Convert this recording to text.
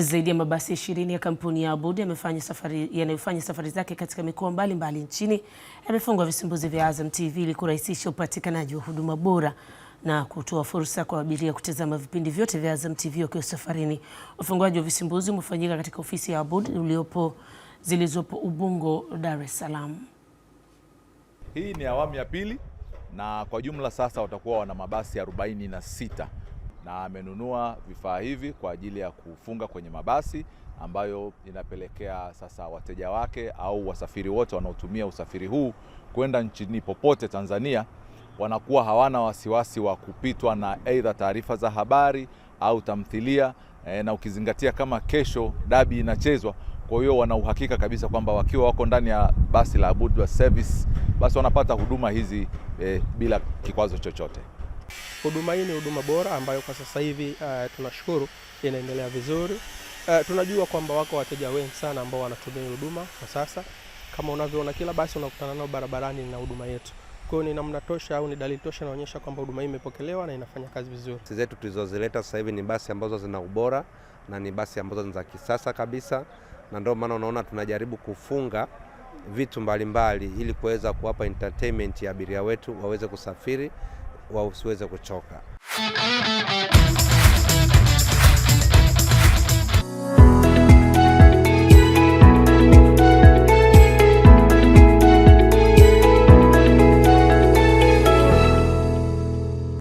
Zaidi ya mabasi ishirini ya kampuni ya Abood yanayofanya safari, safari zake katika mikoa mbalimbali nchini yamefungwa visimbuzi vya Azam TV ili kurahisisha upatikanaji wa huduma bora na kutoa fursa kwa abiria kutazama vipindi vyote vya Azam TV wakiwa safarini. Ufunguaji wa visimbuzi umefanyika katika ofisi ya Abood uliopo zilizopo Ubungo, Dar es Salaam. Hii ni awamu ya pili na kwa jumla sasa watakuwa wana mabasi 46 na amenunua vifaa hivi kwa ajili ya kufunga kwenye mabasi ambayo inapelekea sasa wateja wake au wasafiri wote wanaotumia usafiri huu kwenda nchini popote Tanzania wanakuwa hawana wasiwasi wa kupitwa na aidha taarifa za habari au tamthilia e, na ukizingatia kama kesho dabi inachezwa, kwa hiyo wana uhakika kabisa kwamba wakiwa wako ndani ya basi la Abudwa Service basi wanapata huduma hizi e, bila kikwazo chochote. Huduma hii ni huduma bora ambayo kwa sasa hivi uh, tunashukuru inaendelea vizuri. Uh, tunajua kwamba wako wateja wengi sana ambao wanatumia huduma kwa sasa. Kama unavyoona kila basi unakutana nao barabarani na huduma yetu. Kwa hiyo ni namna tosha au ni dalili tosha inaonyesha kwamba huduma hii imepokelewa na inafanya kazi vizuri. Basi zetu tulizozileta sasa hivi ni basi ambazo zina ubora na ni basi ambazo ni za kisasa kabisa, na ndio maana unaona tunajaribu kufunga vitu mbalimbali mbali, ili kuweza kuwapa entertainment ya abiria wetu waweze kusafiri wausiweze kuchoka